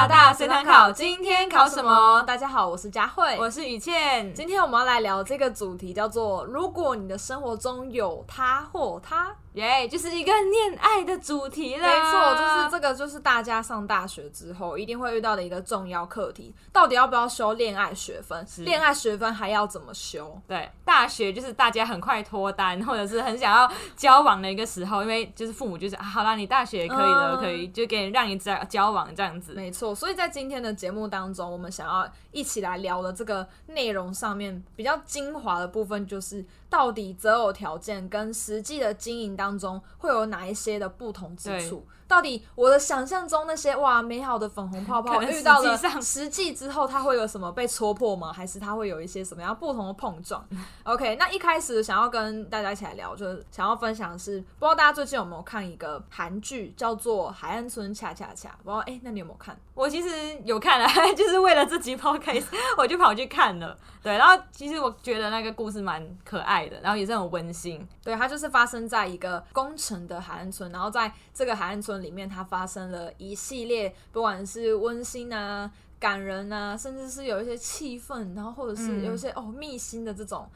大家隨堂考，今考？今天考什麼？大家好，我是家卉，我是宇倩。今天我們要來聊這個主題，叫做“如果你的生活中有他或她”。耶、yeah，就是一個戀愛的主題啦。沒錯，就是這個，就是大家上大學之後一定會遇到的一個重要課題。到底要不要修戀愛學分？是。戀愛學分還要怎麼修？對，大學就是大家很快脫單，或者是很想要交往的一個時候，嗯、因為就是父母就是、啊、好啦，你大學也可以了，嗯、可以就給你讓你在交往這樣子。沒錯，所以在今天的節目當中，我們想要一起來聊的這個內容上面比較精華的部分就是。到底擇偶條件跟實際的經營當中會有哪一些的不同之處？到底我的想象中那些哇美好的粉紅泡泡遇到了實際之後，它會有什麼被戳破嗎？還是它會有一些什麼樣不同的碰撞 ？OK，那一開始想要跟大家一起來聊，就是想要分享的是不知道大家最近有沒有看一個韓劇叫做《海岸村恰恰恰》？我哎、欸，那你有沒有看？我其實有看了，就是為了這集 podcast，我就跑去看了。對，然後其實我覺得那個故事蠻可愛的，然後也是很溫馨。對，它就是發生在一個工程的海岸村，然後在這個海岸村。裡面它發生了一系列，不管是溫馨啊、感人啊，甚至是有一些氣氛，然後或者是有一些、嗯、哦秘辛的這種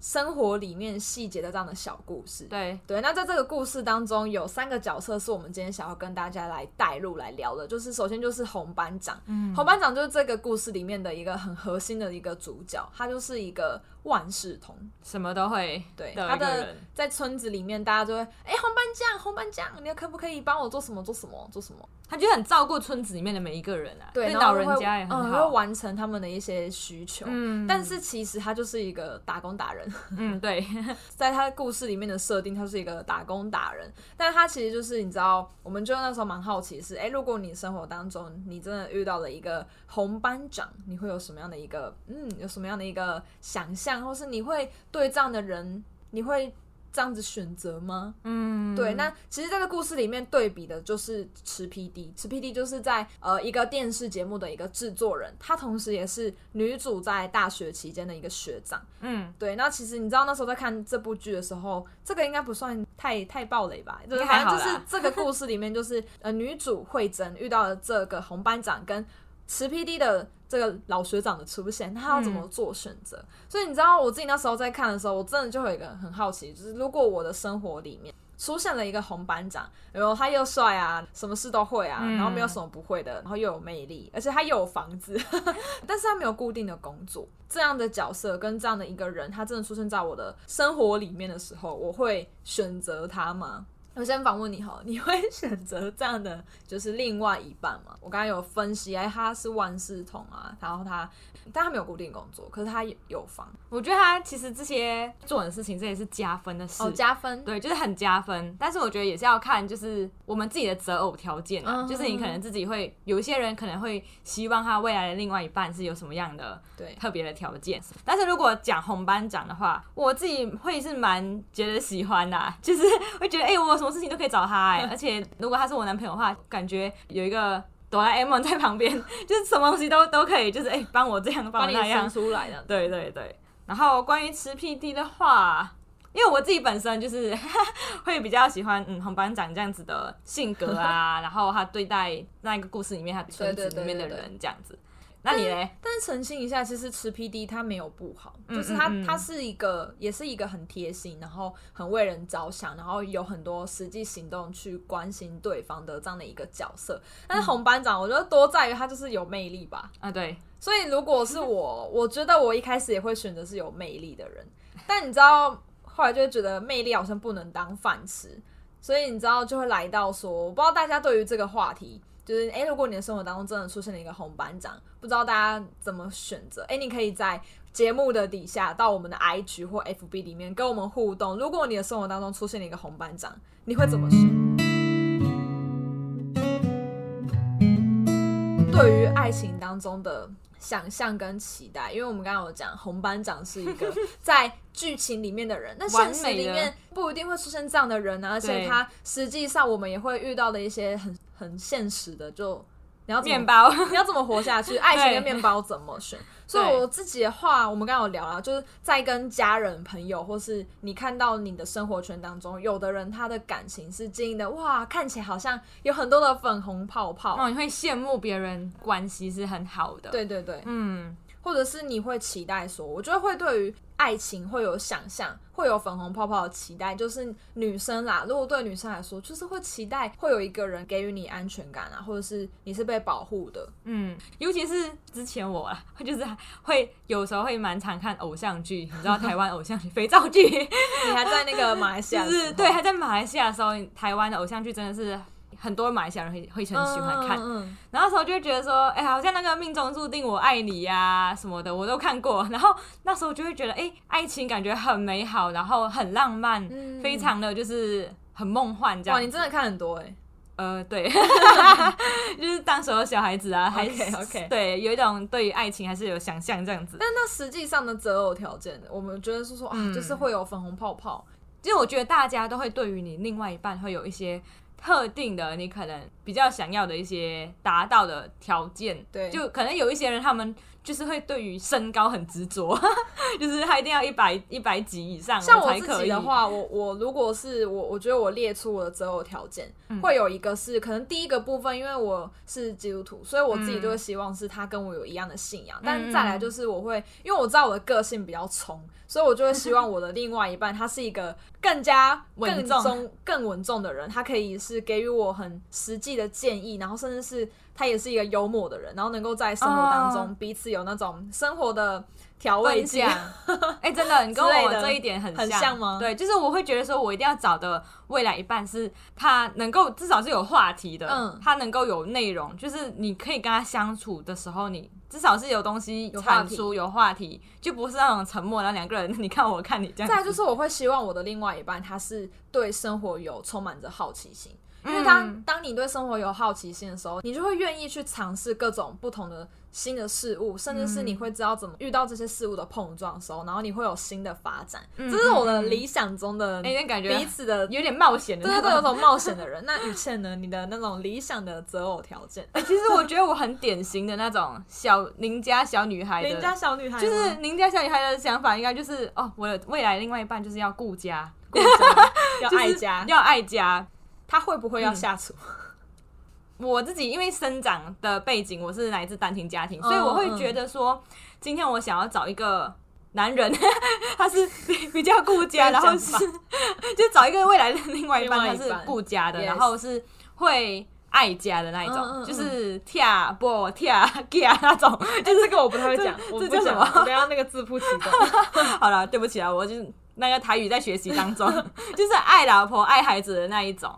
生活裡面細節的這樣的小故事。對對，那在這個故事當中，有三個角色是我們今天想要跟大家來帶入來聊的，就是首先就是紅班長、嗯，紅班長就是這個故事裡面的一個很核心的一個主角，他就是一個。萬事通，什麼都會。對，他的在村子裡面，大家就會哎、欸，紅班長，紅班長，你可不可以幫我做什麼，做什麼，做什麼？他就很照顧村子裡面的每一個人啊，對，老人家也很好、呃，會完成他們的一些需求。嗯，但是其實他就是一個打工達人。嗯，對， 在他的故事裡面的設定，他是一個打工達人，但他其實就是你知道，我們就那時候蠻好奇是，哎、欸，如果你生活當中你真的遇到了一個紅班長，你會有什麼樣的一個嗯，有什麼樣的一個想象？然後是你會對這樣的人，你會這樣子選擇嗎？嗯，對。那其實這個故事裡面對比的就是池 PD，池 PD 就是在呃一個電視節目的一個製作人，他同時也是女主在大學期間的一個學長。嗯，對。那其實你知道那時候在看這部劇的時候，這個應該不算太太暴雷吧？就是、好像就是這個故事裡面就是呃女主慧珍遇到了這個紅班長跟。池 PD 的這個老學長的出現，他要怎麼做選擇、嗯？所以你知道，我自己那時候在看的時候，我真的就有一個很好奇，就是如果我的生活裡面出現了一個紅班長，然後他又帥啊，什麼事都會啊、嗯，然後沒有什麼不會的，然後又有魅力，而且他又有房子呵呵，但是他沒有固定的工作，這樣的角色跟這樣的一個人，他真的出現在我的生活裡面的時候，我會選擇他嗎？我先訪問你哈，你會選擇這樣的就是另外一半嗎？我剛才有分析哎，他是萬事通啊，然後他但他沒有固定工作，可是他也有房。我覺得他其實這些做的事情，這也是加分的事。哦，加分，對，就是很加分。但是我覺得也是要看，就是我們自己的擇偶條件啊。Uh-huh. 就是你可能自己會有一些人可能會希望他未來的另外一半是有什麼樣的，特的對特別的條件。但是如果講紅班長的話，我自己會是蠻覺得喜歡啦、啊，就是會覺得哎、欸、我有什麼。什麼事情都可以找他哎，欸， 而且如果他是我男朋友的話，感覺有一個哆啦 A 夢在旁邊，就是什麼東西都都可以，就是哎，幫、欸、我這樣，幫我那樣 出來的。對對對。然後關於吃 PD 的話，因為我自己本身就是 會比較喜歡嗯紅班長這樣子的性格啊， 然後他對待那一個故事裡面他村子裡面的人這樣子。那你嘞、嗯？但是澄清一下，其實池 PD 他沒有不好，嗯嗯嗯就是他他是一個，也是一個很貼心，然後很為人着想，然後有很多實際行動去關心對方的這樣的一個角色。但是洪班長，我覺得多在於他就是有魅力吧。啊，對。所以如果是我，我覺得我一開始也會選擇是有魅力的人。但你知道，後來就會覺得魅力好像不能當飯吃，所以你知道就會來到說，我不知道大家對於這個話題。就是哎，如果你的生活當中真的出現了一個紅班長，不知道大家怎麼選擇？哎，你可以在節目的底下到我們的 IG 或 FB 裡面跟我們互動。如果你的生活當中出現了一個紅班長，你會怎麼選？對於愛情當中的想象跟期待，因為我們剛剛有講，紅班長是一個在劇情裡面的人，那 現實裡面不一定會出現這樣的人啊，而且他實際上我們也會遇到的一些很。很現實的就，就你要麵包，你要怎麼活下去？愛情跟麵包怎麼選？所以，我自己的話，我們剛剛有聊啊，就是在跟家人、朋友，或是你看到你的生活圈當中，有的人他的感情是經營的，哇，看起來好像有很多的粉紅泡泡，哦，你會羨慕別人關係是很好的，對對對，嗯，或者是你會期待說，我覺得會對於。愛情會有想象，會有粉紅泡泡的期待，就是女生啦。如果對女生來說，就是會期待會有一個人給予你安全感啊，或者是你是被保護的。嗯，尤其是之前我啦，就是會有時候會蠻常看偶像劇，你知道台灣偶像劇、 肥皂劇劇， 你還在那個馬來西亞，就是對還在馬來西亞的時候，台灣的偶像劇真的是。很多馬來西亞人會會很喜歡看，嗯嗯，然後那時候就會覺得說，哎、欸、呀，好像那個命中注定我愛你呀、啊、什麼的，我都看過。然後那時候就會覺得，哎、欸，愛情感覺很美好，然後很浪漫，嗯、非常的就是很夢幻這樣。哇，你真的看很多哎、欸，呃，對， 就是當時候小孩子啊， 還 okay, okay. 對，有一種對於愛情還是有想象這樣子。但那實際上的擇偶條件，我們覺得是說啊，就是會有粉紅泡泡。嗯、其實我覺得大家都會對於你另外一半會有一些。特定的，你可能比較想要的一些達到的條件，對，就可能有一些人他們，就是會對於身高很執着，哈哈，就是他一定要一百一百幾以上才可以。像我自己的話，我我如果是我，我覺得我列出我的擇偶條件，嗯，會有一個是可能第一個部分，因為我是基督徒，所以我自己就會希望是他跟我有一樣的信仰。嗯、但再來就是我會，因為我知道我的個性比較衝，所以我就會希望我的另外一半他是一個更加更重、穩重、更穩重的人，他可以是給予我很實際的建議，然後甚至是。他也是一個幽默的人，然後能夠在生活當中彼此有那種生活的調味劑。哎、哦，欸、真的，你跟我 這一點很像，很像嗎？對，就是我會覺得說，我一定要找的未來一半是他能夠至少是有話題的，嗯、他能夠有內容，就是你可以跟他相處的時候，你至少是有東西產出有，有話題，就不是那種沉默。然後兩個人，你看我看你這樣。再來就是，我會希望我的另外一半，他是對生活有充滿着好奇心。因為當當你對生活有好奇心的時候，你就會願意去嘗試各種不同的新的事物，甚至是你會知道怎麼遇到這些事物的碰撞的時候，然後你會有新的發展。嗯、這是我的理想中的那、嗯、天、欸、感覺，彼此的有點冒險、欸，真的都有種冒險的人。 那宇倩呢？你的那種理想的擇偶條件？哎、 欸，其實我覺得我很典型的那種小鄰家小女孩的，鄰家小女孩就是鄰家小女孩的想法，應該就是哦，我的未來另外一半就是要顧家，顧家 要愛家，要愛家。他會不會要下廚？嗯、 我自己因為生長的背景，我是來自單親家庭、哦，所以我會覺得說，今天我想要找一個男人，嗯、 他是比較顧家，然後是就找一個未來的另外一半，一半他是顧家的，yes. 然後是會愛家的那一種，嗯、就是疼某疼囝那種就、就是，就這個我不太會講，我不講，不要那個字不其中。 好了，對不起啊，我就是那個台語在學習當中， 就是愛老婆愛孩子的那一種。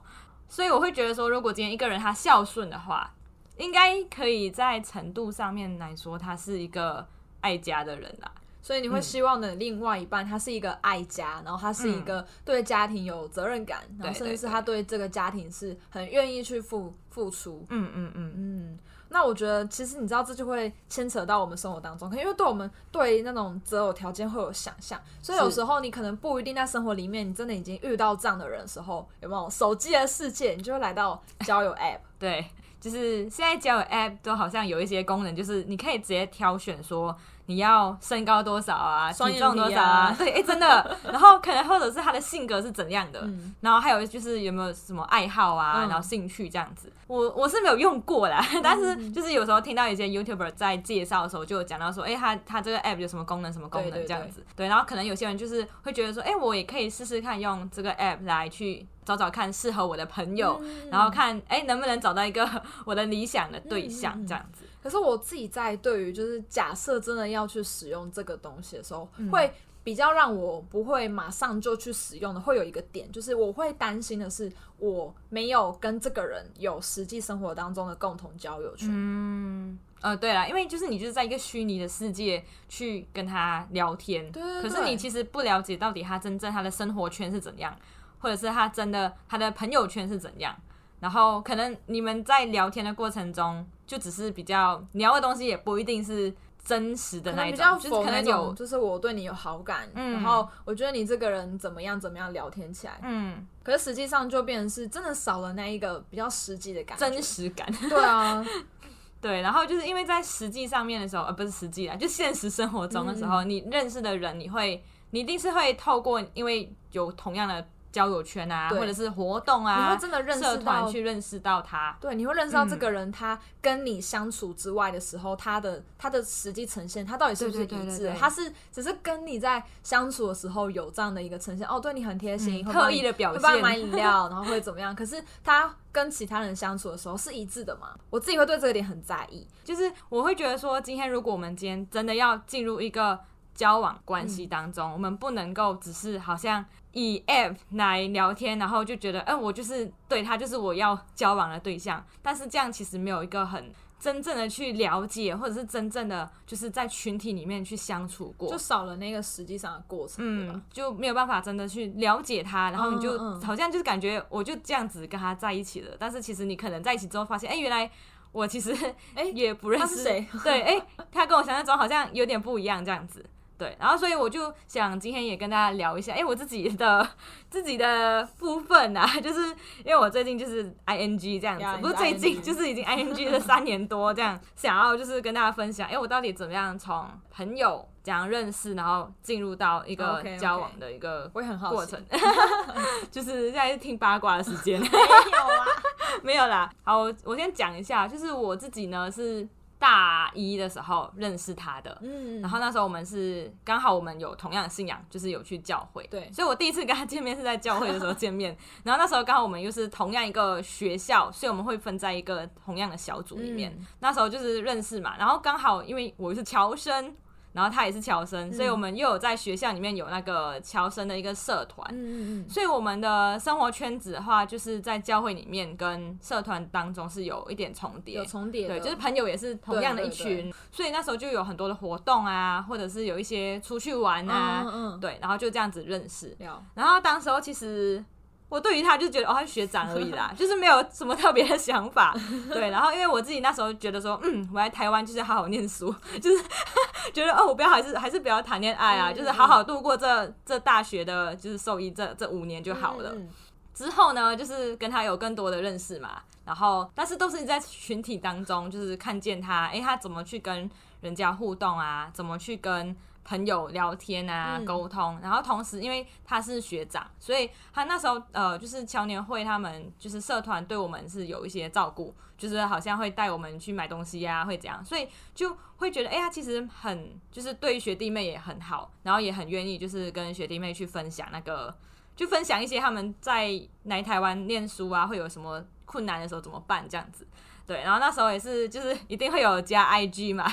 所以我會覺得說，如果今天一個人他孝順的話，應該可以在程度上面來說，他是一個愛家的人啦、啊嗯。所以你會希望的另外一半，他是一個愛家，然後他是一個對家庭有責任感，嗯、然後甚至是他對這個家庭是很願意去付付出。嗯嗯嗯嗯。嗯嗯那我覺得，其實你知道，這就會牽扯到我們生活當中，可因為對我們對那種擇偶條件會有想象，所以有時候你可能不一定在生活裡面，你真的已經遇到這樣的人的時候，有沒有？手機的世界，你就會來到交友 App， 對，就是現在交友 App 都好像有一些功能，就是你可以直接挑選說。你要身高多少啊？體重多少啊？啊對，哎、欸，真的。 然後可能或者是他的性格是怎樣的？嗯、然後還有就是有沒有什麼愛好啊？嗯、然後興趣這樣子。我我是沒有用過啦嗯嗯，但是就是有時候聽到一些 YouTuber 在介紹的時候，就有講到說，哎、欸，他他這個 App 有什麼功能，什麼功能這樣子。對，對，對，對，然後可能有些人就是會覺得說，哎、欸，我也可以試試看用這個 App 來去找找看適合我的朋友，嗯、然後看哎、欸、能不能找到一個我的理想的對象這樣子。嗯嗯可是我自己在對於就是假設真的要去使用這個東西的時候，嗯，會比較讓我不會馬上就去使用的，會有一個點，就是我會擔心的是，我沒有跟這個人有實際生活當中的共同交友圈。嗯，呃，對啦，因為就是你就是在一個虛擬的世界去跟他聊天，對對對，可是你其實不了解到底他真正他的生活圈是怎樣，或者是他真的他的朋友圈是怎樣，然後可能你們在聊天的過程中，就只是比較聊的東西，也不一定是真實的那種，就是可能有，就是我對你有好感、嗯，然後我覺得你這個人怎麼樣怎麼樣，聊天起來，嗯，可是實際上就變成是真的少了那一個比較實際的感覺，真實感，對啊， 對，然後就是因為在實際上面的時候，而、呃、不是實際的，就現實生活中的時候，嗯、你認識的人，你會你一定是會透過因為有同樣的。交友圈啊，或者是活動啊，你會真的認識到社團去認識到他。對，你會認識到這個人，他跟你相處之外的時候，嗯、他的他的實際呈現，他到底是不是一致對對對對對對？他是只是跟你在相處的時候有這樣的一個呈現，對對對對哦，對你很貼心，刻、嗯、意的表現，會幫你買飲料，然後會怎麼樣？可是他跟其他人相處的時候是一致的嘛。我自己會對這個點很在意，就是我會覺得說，今天如果我們今天真的要進入一個。交往關係當中，嗯，我們不能夠只是好像以 app 來聊天，然後就覺得，哎、呃，我就是對他，就是我要交往的對象。但是這樣其實沒有一個很真正的去了解，或者是真正的就是在群體裡面去相處過，就少了那個實際上的過程。嗯，對吧，就沒有辦法真的去了解他，然後你就、嗯嗯、好像就是感覺，我就這樣子跟他在一起了。但是其實你可能在一起之後發現，哎、欸，原來我其實哎、欸、也不認識誰，對，哎、欸，他跟我想象中好像有點不一樣，這樣子。對，然後所以我就想今天也跟大家聊一下，哎、欸，我自己的自己的部分啊，就是因為我最近就是 I N G 這樣子，yeah, 不是，I N G、最近就是已經 I N G 了三年多這樣， 想要就是跟大家分享，哎、欸，我到底怎麼樣從朋友怎樣認識，然後進入到一個交往的一個過程，okay, okay. 就是現在是聽八卦的時間。 沒有啊， 沒有啦。好，我先講一下，就是我自己呢是大一的時候認識他的，嗯，然後那時候我們是剛好我們有同樣的信仰，就是有去教會，對，所以我第一次跟他見面是在教會的時候見面， 然後那時候剛好我們又是同樣一個學校，所以我們會分在一個同樣的小組裡面，嗯、那時候就是認識嘛，然後剛好因為我是僑生，然後他也是僑生，嗯，所以我們又有在學校裡面有那個僑生的一個社團，嗯嗯嗯，所以我們的生活圈子的話，就是在教會裡面跟社團當中是有一點重疊，有重疊，對，就是朋友也是同樣的一群對對對，所以那時候就有很多的活動啊，或者是有一些出去玩啊，嗯嗯嗯對，然後就這樣子認識，然後當時候其實。我對於他就覺得哦，他是學長而已啦，就是沒有什麼特別的想法， 對。然後因為我自己那時候覺得說，嗯，我在台灣就是好好念書，就是 覺得哦，我不要還是還是不要談戀愛啊嗯嗯，就是好好度過這這大學的就是獸醫這這五年就好了、嗯。之後呢，就是跟他有更多的認識嘛，然後但是都是你在群體當中，就是看見他，哎、欸，他怎麼去跟人家互動啊，怎麼去跟。朋友聊天啊，溝通、嗯，然後同時因為他是學長，所以他那時候呃，就是僑聯會，他們就是社團對我們是有一些照顧，就是好像會帶我們去買東西呀、啊，會怎樣，所以就會覺得哎呀，欸，其實很就是對於學弟妹也很好，然後也很願意就是跟學弟妹去分享那個，就分享一些他們在來台灣念書啊，會有什麼困難的時候怎麼辦這樣子。對，然後那時候也是，就是一定會有加 IG 嘛。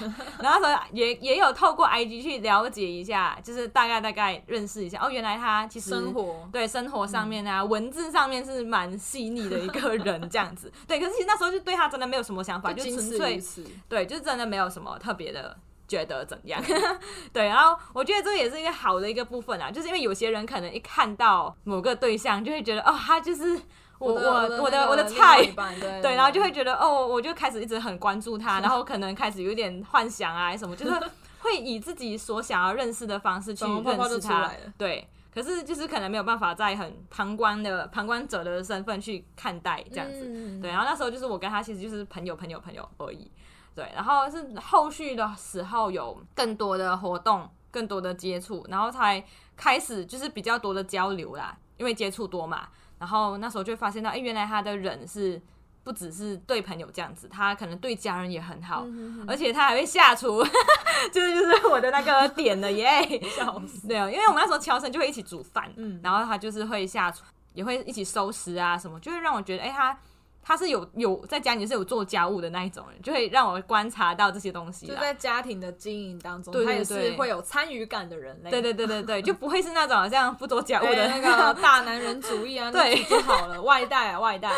然後那時候也也有透過 IG 去了解一下，就是大概大概認識一下。哦，原來他其實生活對生活上面啊，嗯，文字上面是蠻細膩的一個人，這樣子。對，可是其實那時候就對他真的沒有什麼想法， 就純粹對，就真的沒有什麼特別的覺得怎樣。對，然後我覺得這也是一個好的一個部分啊，就是因為有些人可能一看到某個對象，就會覺得哦，他就是。我我我的我的、那個、我的菜對的，對，然後就會覺得哦，我就開始一直很關注他， 然後可能開始有點幻想啊什麼，就是會以自己所想要認識的方式去認識他，泡泡，對。可是就是可能沒有辦法在很旁觀的旁觀者的身份去看待這樣子，嗯，對。然後那時候就是我跟他其實就是朋友，朋友，朋友而已，對。然後是後續的時候有更多的活動，更多的接觸，然後才開始就是比較多的交流啦，因為接觸多嘛。然後那時候就發現到，哎、欸，原來他的人是不只是對朋友這樣子，他可能對家人也很好，嗯、哼哼，而且他還會下廚， 就是就是我的那個點了耶,， yeah, 笑死！對啊，因為我們那時候喬森就會一起煮飯，嗯，然後他就是會下廚，也會一起收拾啊什麼，就會讓我覺得，哎、欸，他。他是有有在家裡是有做家務的那一種人，就會讓我觀察到這些東西，就在家庭的經營當中對對對，他也是會有參與感的人類。對對對對對，就不會是那種像不做家務的 那個大男人主義啊， 對就好了，外帶、啊、外帶。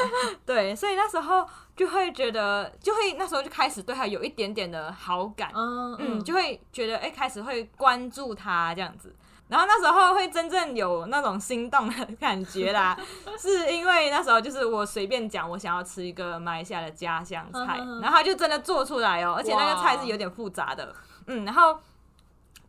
對，所以那時候就會覺得，就會那時候就開始對他有一點點的好感，嗯，嗯就會覺得哎、欸，開始會關注他這樣子。然後那時候會真正有那種心動的感覺啦， 是因為那時候就是我隨便講，我想要吃一個馬來西亞的家鄉菜， 然後他就真的做出來哦，而且那個菜是有點複雜的，嗯，然後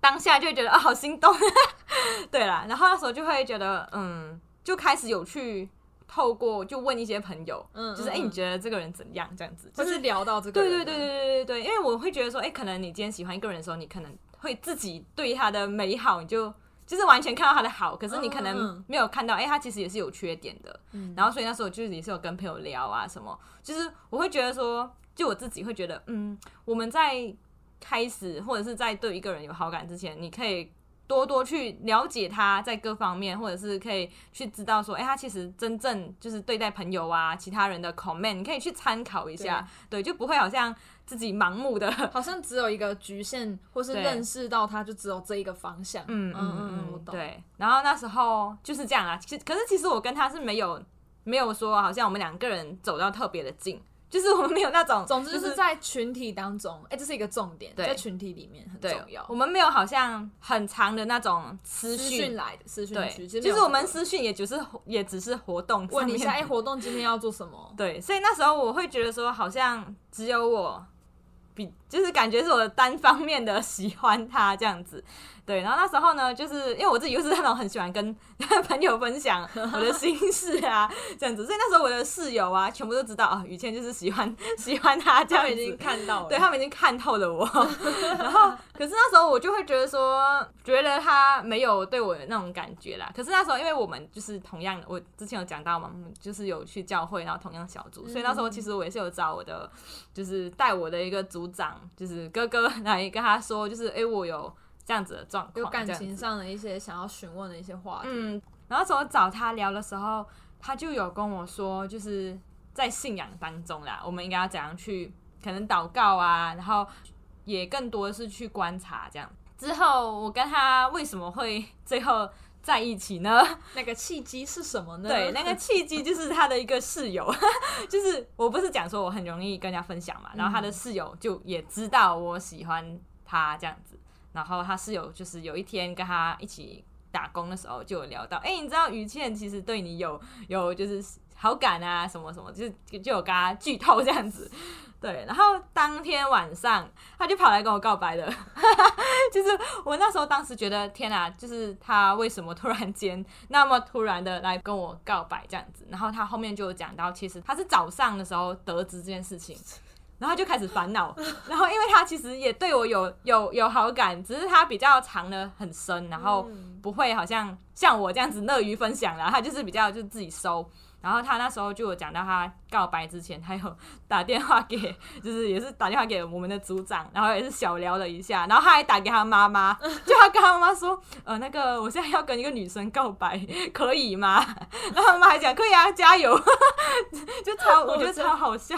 當下就會覺得啊、哦、好心動， 對啦。然後那時候就會覺得嗯，就開始有去透過就問一些朋友，嗯，嗯就是哎你覺得這個人怎樣？這樣子，就是聊到這個人，對對對對對對對，因為我會覺得說，哎，可能你今天喜歡一個人的時候，你可能會自己對他的美好你就。就是完全看到他的好，可是你可能沒有看到，誒、oh, uh. 欸，他其實也是有缺點的。嗯，然後所以那時候就是也是有跟朋友聊啊什麼，就是我會覺得說，就我自己會覺得，嗯，我們在開始或者是在對一個人有好感之前，你可以多多去了解他在各方面，或者是可以去知道說，誒、欸，他其實真正就是對待朋友啊、其他人的 comment，你可以去參考一下對，對，就不會好像。自己盲目的，好像只有一個局限，或是認識到他就只有這一個方向。嗯嗯，嗯，我懂。對，然後那時候就是這樣啊。其實可是其實我跟他是沒有沒有說好像我們兩個人走到特別的近，就是我們沒有那種，總之就是在群體當中，哎、就是，欸、這是一個重點，在群體裡面很重要。我們沒有好像很長的那種私訊來的私訊，對，其、就、實、是、我們私訊也就是也只是活動。問一下，哎，活動今天要做什麼？對，所以那時候我會覺得說，好像只有我。比，就是感覺是我單方面的喜歡他，這樣子。對，然後那時候呢，就是因為我自己又是那種很喜歡跟朋友分享我的心事啊， 這樣子，所以那時候我的室友啊，全部都知道，啊。宇倩就是喜歡喜歡他，這樣已經看到了，對，他們已經看透了我。 然後，可是那時候我就會覺得說，覺得他沒有對我那種感覺啦。可是那時候，因為我們就是同樣，我之前有講到嘛，就是有去教會，然後同樣小組，所以那時候其實我也是有找我的，就是帶我的一個組長，就是哥哥來跟他說，就是哎、欸，我有。這樣子的狀況，有感情上的一些想要詢問的一些話嗯，然後從我找他聊的時候，他就有跟我說，就是在信仰當中啦，我們應該要怎樣去可能禱告啊，然後也更多的是去觀察這樣。之後我跟他為什麼會最後在一起呢？那個契機是什麼呢？對，那個契機就是他的一個室友， 就是我不是講說我很容易跟人家分享嘛，然後他的室友就也知道我喜歡他這樣子。然後他室友就是有一天跟他一起打工的時候，就有聊到，哎、欸，你知道宇倩其實對你有有就是好感啊，什麼什麼，就是就，就有跟他劇透這樣子。對，然後當天晚上他就跑來跟我告白了， 就是我那時候當時覺得天啊，就是他為什麼突然間那麼突然的來跟我告白這樣子？然後他後面就有講到，其實他是早上的時候得知這件事情。然後就開始煩惱，然後因為他其實也對我有有有好感，只是他比較藏得很深，然後不會好像像我這樣子樂於分享，然後他就是比較就是自己收。然後他那時候就有講到，他告白之前，他有打電話給，就是也是打電話給我們的組長，然後也是小聊了一下，然後他還打給他媽媽，就他跟他媽媽說：“呃，那個我現在要跟一個女生告白，可以嗎？”然後媽媽還講：“可以啊，加油！” 就超我覺得超好笑。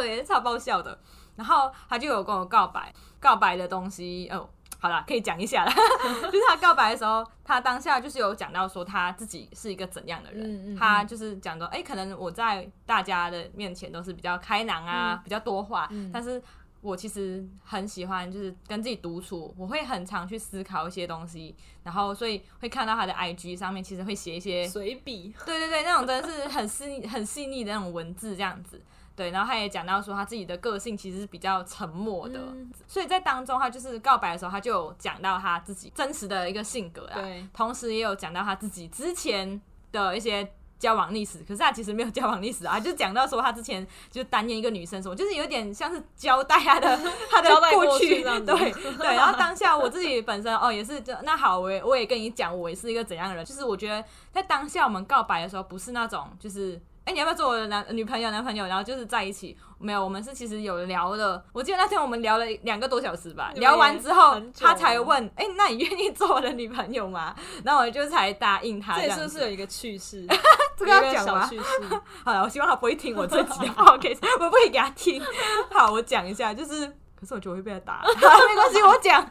對，超爆笑的。然後他就有跟我告白，告白的東西哦，好啦，可以講一下啦。 就是他告白的時候，他當下就是有講到說他自己是一個怎樣的人。嗯嗯、他就是講到，哎、欸，可能我在大家的面前都是比較開朗啊、嗯，比較多話、嗯。但是我其實很喜歡就是跟自己獨處，我會很常去思考一些東西。然後所以會看到他的 IG 上面，其實會寫一些隨筆。對對對，那種真的是很細膩、 很細膩的那種文字，這樣子。對，然後他也講到說，他自己的個性其實是比較沉默的，嗯、所以在當中他就是告白的時候，他就有講到他自己真實的一個性格，對，同時也有講到他自己之前的一些交往歷史。可是他其實沒有交往歷史啊， 他就講到說他之前就單戀一個女生說，什麼就是有點像是交代他的 他的過去，對 對。對 然後當下我自己本身哦，也是那好，我也我也跟你講，我也是一個怎樣的人，就是我覺得在當下我們告白的時候，不是那種就是。哎、欸，你要不要做我的男女朋友，男朋友？然後就是在一起。沒有，我們是其實有聊的。我記得那天我們聊了兩個多小時吧。聊完之後，他才問：“哎、欸，那你願意做我的女朋友嗎？”然後我就才答應他這。這是不是有一個趣事？ 這個，要講 這個要講小趣事。 好了，我希望他不會聽我自己的 podcast 我不會給他聽。好，我講一下，就是，可是我覺得我會被他打。好， 沒關係，我講。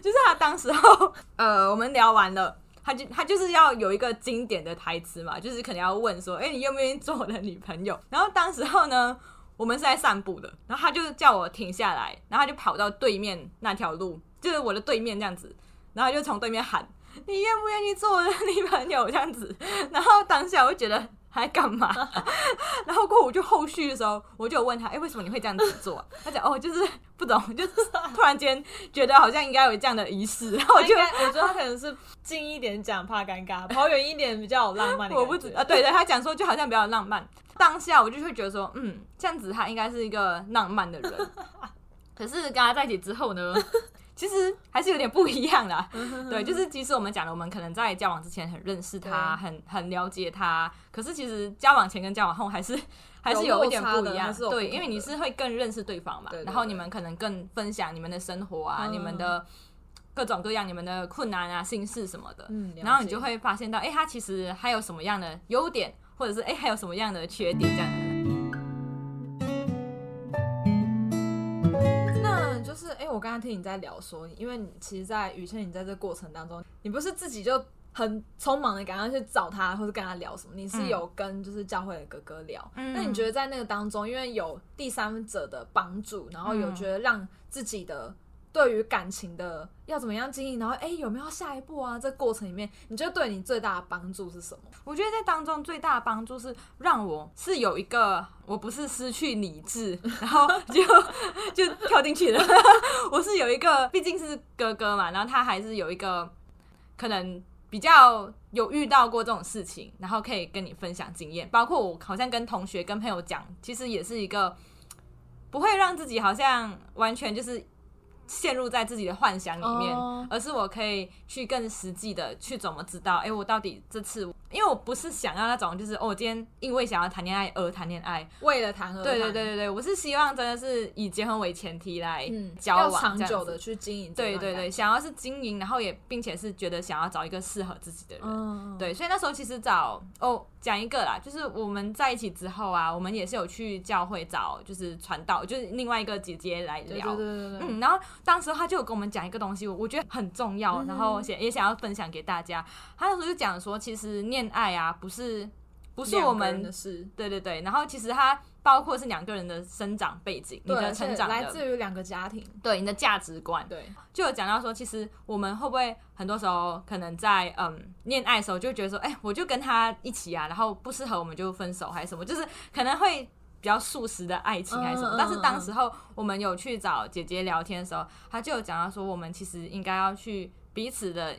就是他當時候，呃，我們聊完了。他就他就是要有一個經典的台詞嘛，就是可能要問說：“欸，你願不願意做我的女朋友？”然後當時候呢，我們是在散步的，然後他就叫我停下來，然後他就跑到對面那條路，就是我的對面這樣子，然後他就從對面喊：“你願不願意做我的女朋友？”這樣子，然後當下我就覺得。在幹嘛？ 然後過後我就後續的時候，我就問他：“哎、欸，為什麼你會這樣子做、啊？”他講：“哦，就是不懂，就是、突然間覺得好像應該有這樣的儀式。”然後我覺得，我覺得他可能是近一點講怕尷尬， 跑遠一點比較浪漫的。我不知啊，對對，對，他講說就好像比較浪漫。當下我就會覺得說：“嗯，這樣子他應該是一個浪漫的人。 ”可是跟他在一起之後呢？ 其實還是有點不一樣啦、嗯，對，就是即使我們講了，我們可能在交往之前很認識他，很很了解他，可是其實交往前跟交往後還是還是有一點不一樣不，對，因為你是會更認識對方嘛對對對，然後你們可能更分享你們的生活啊、嗯，你們的各種各樣，你們的困難啊、心事什麼的，嗯、然後你就會發現到，哎、欸，他其實還有什麼樣的優點，或者是哎、欸，還有什麼樣的缺點，這樣子的。哎、欸，我剛剛聽你在聊說，因為你其實，在宇倩，你在這個過程當中，你不是自己就很匆忙的趕上去找他，或者跟他聊什麼？你是有跟就是教會的哥哥聊。那、嗯、你覺得在那個當中，因為有第三者的幫助，然後有覺得讓自己的。對於感情的要怎麼樣經營，然後哎、欸、有沒有下一步啊？這個、過程裡面，你就對你最大的幫助是什麼？我覺得在當中最大的幫助是讓我是有一個，我不是失去理智，然後就就跳進去了。 我是有一個，畢竟是哥哥嘛，然後他還是有一個可能比較有遇到過這種事情，然後可以跟你分享經驗。包括我好像跟同學、跟朋友講，其實也是一個不會讓自己好像完全就是。陷入在自己的幻想裡面，oh. 而是我可以去更實際的去怎麼知道？哎、欸，我到底這次，因為我不是想要那種，就是哦，我今天因為想要談戀愛而談戀愛，為了談而談。對對對對對，我是希望真的是以結婚為前提來交往，嗯、要長久的去經營，對對對，想要是經營，然後也並且是覺得想要找一個適合自己的人，oh. 對，所以那時候其實找哦。Oh. 講一個啦，就是我們在一起之後啊，我們也是有去教會找，就是傳道，就是另外一個姐姐來聊，對對對對對，嗯，然後當時她就有跟我們講一個東西，我覺得很重要，然後也也想要分享給大家。她那時候就講說，其實戀愛啊，不是不是我們的事，對對對，然後其實她。包括是兩個人的生長背景，對，你的成長來自於兩個家庭，對，你的價值觀，對，就有講到說，其實我們會不會很多時候可能在嗯戀愛的時候就覺得說，哎、欸，我就跟他一起啊，然後不適合我們就分手還是什麼，就是可能會比較速食的愛情還是什麼、嗯。但是當時候我們有去找姐姐聊天的時候，她就有講到說，我們其實應該要去彼此的。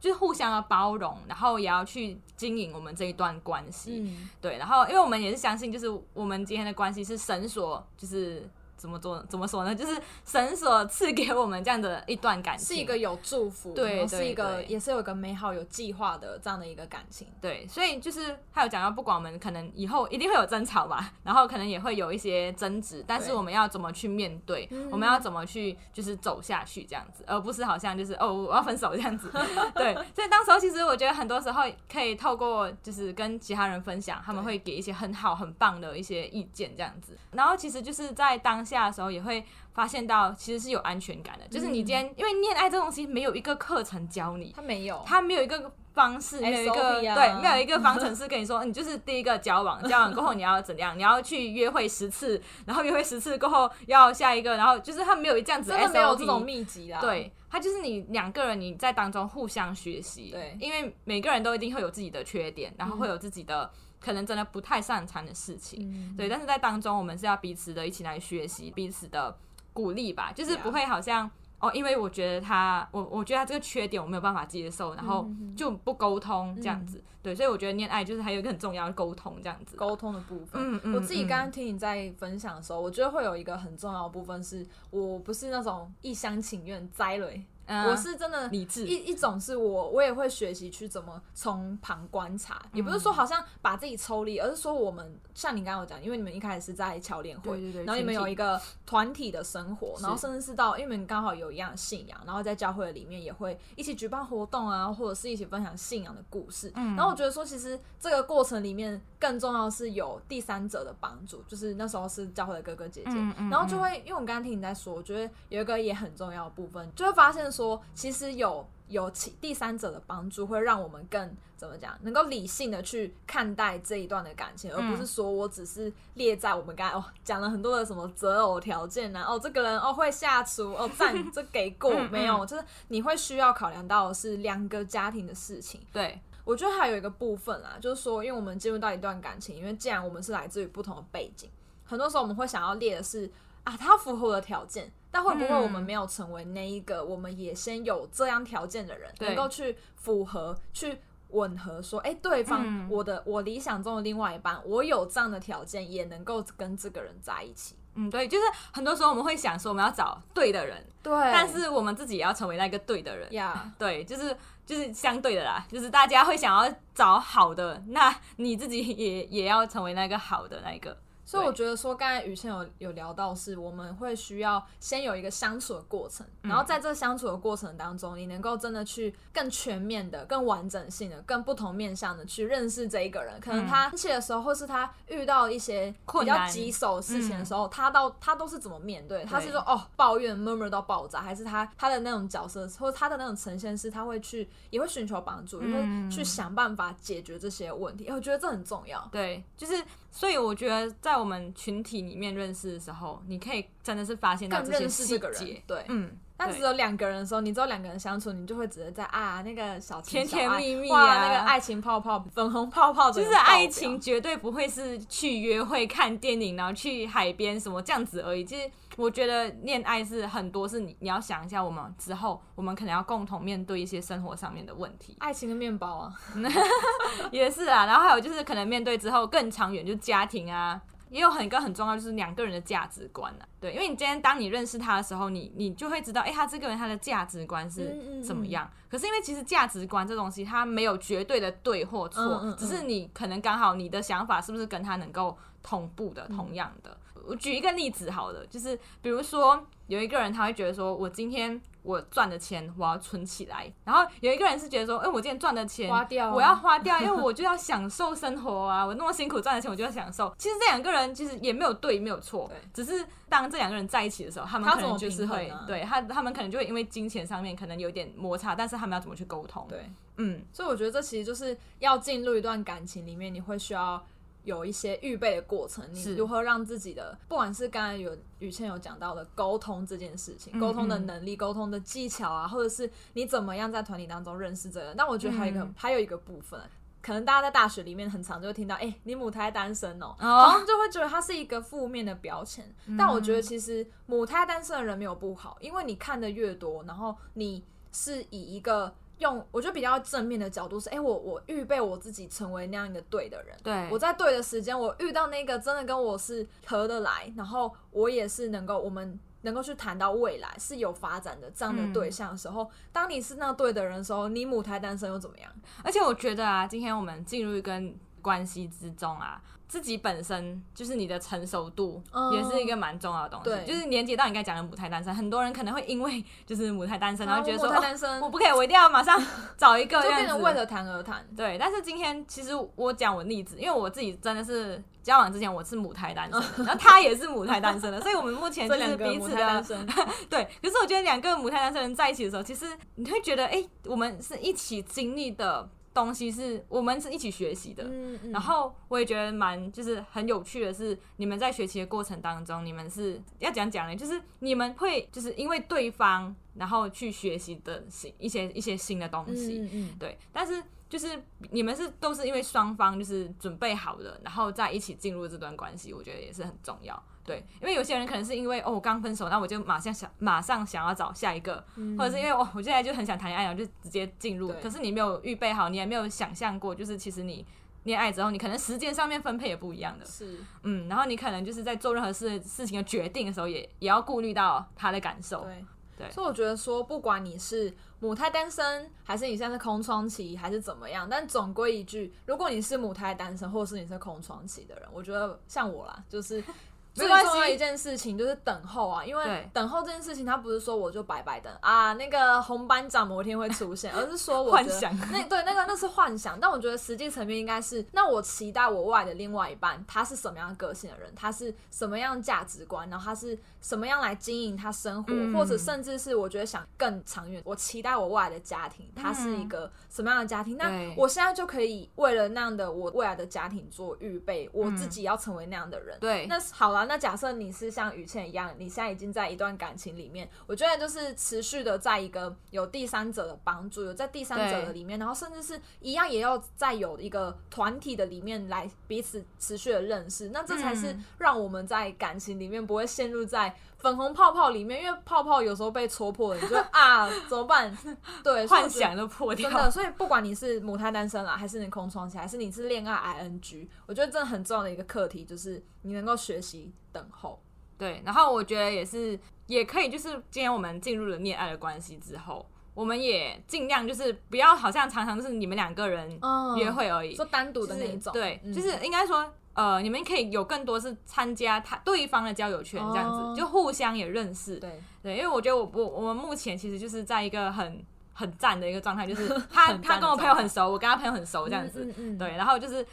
就是互相要包容，然後也要去經營我們這一段關係，嗯、對。然後，因為我們也是相信，就是我們今天的關係是神所就是。怎麼做？怎麼說呢？就是神所賜給我們這樣的一段感情，是一個有祝福，對，嗯、是一個也是有一個美好有計劃的這樣的一個感情。對，所以就是還有講到，不管我們可能以後一定會有爭吵吧，然後可能也會有一些爭執，但是我們要怎麼去面對，對。我們要怎麼去就是走下去這樣子，嗯、而不是好像就是哦我要分手這樣子。 對，所以當時候其實我覺得很多時候可以透過就是跟其他人分享，他們會給一些很好很棒的一些意見這樣子。然後其實就是在當時。下的時候也會發現到，其實是有安全感的。就是你今天，嗯、因為戀愛這東西沒有一個課程教你，他沒有，他沒有一個方式，啊、沒有一個，對，沒有一個方程式跟你說，你就是第一個交往， 交往過後你要怎樣，你要去約會十次，然後約會十次過後要下一個，然後就是他沒有這樣子，他沒有這種祕籍的。對，他就是你兩個人你在當中互相學習，對，因為每個人都一定會有自己的缺點，然後會有自己的。嗯可能真的不太擅長的事情，嗯、對，但是在當中，我們是要彼此的一起來學習、嗯，彼此的鼓勵吧，就是不會好像、嗯、哦，因為我覺得他，我我覺得他這個缺點我沒有辦法接受，然後就不溝通這樣子、嗯，對，所以我覺得戀愛就是還有一個很重要的溝通這樣子，溝通的部分。嗯嗯,嗯。我自己剛剛聽你在分享的時候，我覺得會有一個很重要的部分是，是我不是那種一廂情願摘了。Uh, 我是真的理智一一種是我我也會學習去怎麼從旁觀察、嗯，也不是說好像把自己抽離，而是說我們像你剛剛有講，因為你們一開始是在僑聯會，對對對，然後你們有一個團體的生活，然後甚至是到因為你們剛好有一樣信仰，然後在教會裡面也會一起舉辦活動啊，或者是一起分享信仰的故事。嗯，然後我覺得說，其實這個過程裡面更重要的是有第三者的幫助，就是那時候是教會的哥哥姐姐，嗯嗯、然後就會因為我剛剛聽你在說，我覺得有一個也很重要的部分，就會發現說。說其實有有其第三者的幫助，會讓我們更怎麼講，能夠理性的去看待這一段的感情，而不是說我只是列在我們剛才哦講了很多的什麼擇偶條件吶、啊，哦這個人哦會下廚哦讚，這給過 沒有，就是你會需要考量到的是兩個家庭的事情。對，我覺得還有一個部分啊，就是說，因為我們進入到一段感情，因為既然我們是來自於不同的背景，很多時候我們會想要列的是。啊，他符合的條件，但會不會我們沒有成為那一個，我們也先有這樣條件的人，嗯、能夠去符合、去吻合，說，哎、欸，對方、嗯，我的，我理想中的另外一半，我有這樣的條件，也能夠跟這個人在一起。嗯，對，就是很多時候我們會想說，我們要找對的人，對，但是我們自己也要成為那個對的人呀。Yeah. 對，就是就是相對的啦，就是大家會想要找好的，那你自己也也要成為那個好的那一個。所以我覺得說於，剛才宇倩有有聊到，是我們會需要先有一個相處的過程，然後在這相處的過程當中，你能夠真的去更全面的、更完整性、的、更不同面向的去認識這一個人。可能他生氣的時候，或是他遇到一些比較棘手的事情的時候，他到他都是怎麼面對？嗯、他是說哦，抱怨、murmur 到爆炸，還是他他的那種角色，或他的那種呈現是，他會去也會尋求幫助，也會、嗯、去想辦法解決這些問題？我覺得這很重要。對，就是所以我覺得在。在我們群體裡面認識的時候，你可以真的是發現到這些細節。對，嗯，但只有兩個人的時候，你只有兩個人相處，你就會覺得在啊，那個小甜甜蜜蜜啊，那個愛情泡泡、粉紅泡泡的。就是愛情絕對不會是去約會、看電影，然後去海邊什麼這樣子而已。其實我覺得戀愛是很多是你你要想一下，我們之後我們可能要共同面對一些生活上面的問題，愛情的麵包啊， 也是啊。然後還有就是可能面對之後更長遠，就家庭啊。也有很一個很重要，就是兩個人的價值觀吶、啊。對，因為你今天當你認識他的時候，你你就會知道，哎、欸，他這個人他的價值觀是怎麼樣。嗯嗯嗯。可是因為其實價值觀這東西，他沒有絕對的對或錯，嗯嗯嗯，只是你可能剛好你的想法是不是跟他能夠同步的，嗯嗯，同樣的。我舉一個例子好了，就是比如說有一個人他會覺得說我今天我賺的錢我要存起來，然後有一個人是覺得說，哎、欸，我今天賺的錢花掉我要花掉，因為我就要享受生活啊， 我那麼辛苦賺的錢我就要享受。其實這兩個人其實也沒有對沒有錯，只是當這兩個人在一起的時候，他們可能就是會他、啊、對他，他們可能就會因為金錢上面可能有點摩擦，但是他們要怎麼去溝通？對，嗯，所以我覺得這其實就是要進入一段感情裡面，你會需要。有一些預備的過程是，你如何讓自己的，不管是剛才有宇倩有講到的溝通這件事情，溝、嗯、通的能力、溝通的技巧啊，或者是你怎麼樣在團體當中認識這個？但我覺得還有一個、嗯，還有一個部分，可能大家在大學裡面很常就會聽到，哎、欸，你母胎單身哦、喔，然、oh. 後就會覺得它是一個負面的標籤、嗯。但我覺得其實母胎單身的人沒有不好，因為你看得越多，然後你是以一個。用我覺得比較正面的角度是，哎、欸，我我預備我自己成為那樣一個對的人。對，我在對的時間，我遇到那個真的跟我是合得來，然後我也是能夠我們能夠去談到未來是有發展的這樣的對象的時候，嗯、當你是那對的人的時候，你母胎單身又怎麼樣？而且我覺得啊，今天我們進入一根關係之中啊，自己本身就是你的成熟度，也是一個蠻重要的東西。Oh, 就是連接到你剛才講的母胎單身，很多人可能會因為就是母胎單身，然後覺得說，我單身、哦、我不可以，我一定要馬上找一個， 就變成為了談而談。對，但是今天其實我講我例子，因為我自己真的是交往之前我是母胎單身，然後他也是母胎單身的， 所以我們目前就是彼此單身的。 對，可是我覺得兩個母胎單身人在一起的時候，其實你會覺得，哎、欸，我們是一起經歷的。東西是，我們是一起學習的，嗯嗯，然後我也覺得蠻就是很有趣的是，你們在學習的過程當中，你們是要講講的，就是你們會就是因為對方，然後去學習的新一些一些新的東西，嗯嗯，對，但是就是你們是都是因為雙方就是準備好了，然後在一起進入這段關係，我覺得也是很重要。對，因為有些人可能是因為哦，我剛分手，那我就馬上想馬上想要找下一個，嗯，或者是因為哦，我現在就很想談戀愛，我就直接進入。可是你沒有預備好，你也沒有想象過，就是其實你戀愛之後，你可能時間上面分配也不一樣的。是，嗯，然後你可能就是在做任何事事情的決定的時候也，也也要顧慮到他的感受對。對，所以我覺得說，不管你是母胎單身，還是你現在是空窗期，還是怎麼樣，但總歸一句，如果你是母胎單身，或是你是空窗期的人，我覺得像我啦，就是。 最重要一件事情就是等候啊，因為等候這件事情，他不是說我就白白等啊，那個紅班長某一天會出現，而是說我 幻想那對那個那是幻想，但我覺得實際層面應該是，那我期待我未來的另外一半，他是什麼樣的個性的人，他是什麼樣價值觀，然後他是什麼樣來經營他生活，嗯，或者甚至是我覺得想更長遠，我期待我未來的家庭，他是一個什麼樣的家庭，嗯，那我現在就可以為了那樣的我未來的家庭做預備，嗯，我自己要成為那樣的人。對，那是好了。那假設你是像宇倩一樣，你現在已經在一段感情裡面，我覺得就是持續的在一個有第三者的幫助，有在第三者的裡面，然後甚至是一樣也要在有一個團體的裡面來彼此持續的認識，那這才是讓我們在感情裡面不會陷入在。粉紅泡泡裡面，因為泡泡，有時候被戳破了，你就啊，怎麼辦？ 對，幻想都破掉。真的，所以不管你是母胎單身啊，還是你空窗期，還是你是戀愛 ing，我覺得這很重要的一個課題，就是你能夠學習等候。對，然後我覺得也是，也可以，就是今天我們進入了戀愛的關係之後，我們也盡量就是不要好像常常就是你們兩個人約會而已，哦、說單獨的那一種。就是、對、嗯，就是應該說。呃，你們可以有更多是參加他對方的交友圈，這樣子，oh. 就互相也認識。對對，因為我覺得我我我們目前其實就是在一個很很讚的一個狀態，就是他 他跟我朋友很熟， 我跟他朋友很熟，這樣子，嗯嗯嗯。對，然後就是。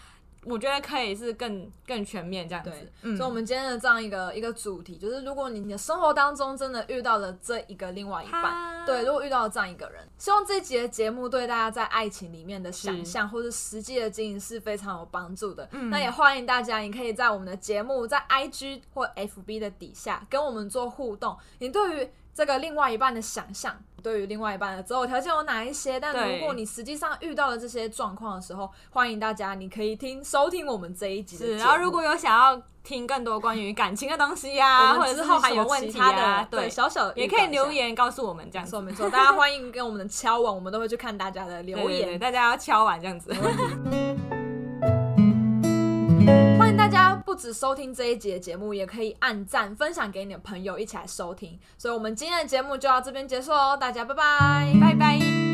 我覺得可以是更更全面這樣子，嗯，所以我們今天的這樣一個一個主題，就是如果你你的生活當中真的遇到了這一個另外一半，對，如果遇到了這樣一個人，希望這一集的節目對大家在愛情裡面的想象或是實際的經營是非常有幫助的。那也歡迎大家，你可以在我們的節目在 IG 或 FB 的底下跟我們做互動，你對於這個另外一半的想象。對於另外一半的擇偶條件有哪一些？但如果你實際上遇到了這些狀況的時候，歡迎大家，你可以聽收聽我們這一集。然後、啊、如果有想要聽更多關於感情的東西呀、啊， 或者是後還有問題的對,對，小小,小,小也可以留言告訴我們。這樣子沒錯沒錯，大家歡迎跟我們的敲碗。 我們都會去看大家的留言。對對對，大家要敲碗這樣子。 只收聽這一集的節目，也可以按讚分享給你的朋友一起來收聽。所以我們今天的節目就到這邊結束哦，大家拜拜，拜拜。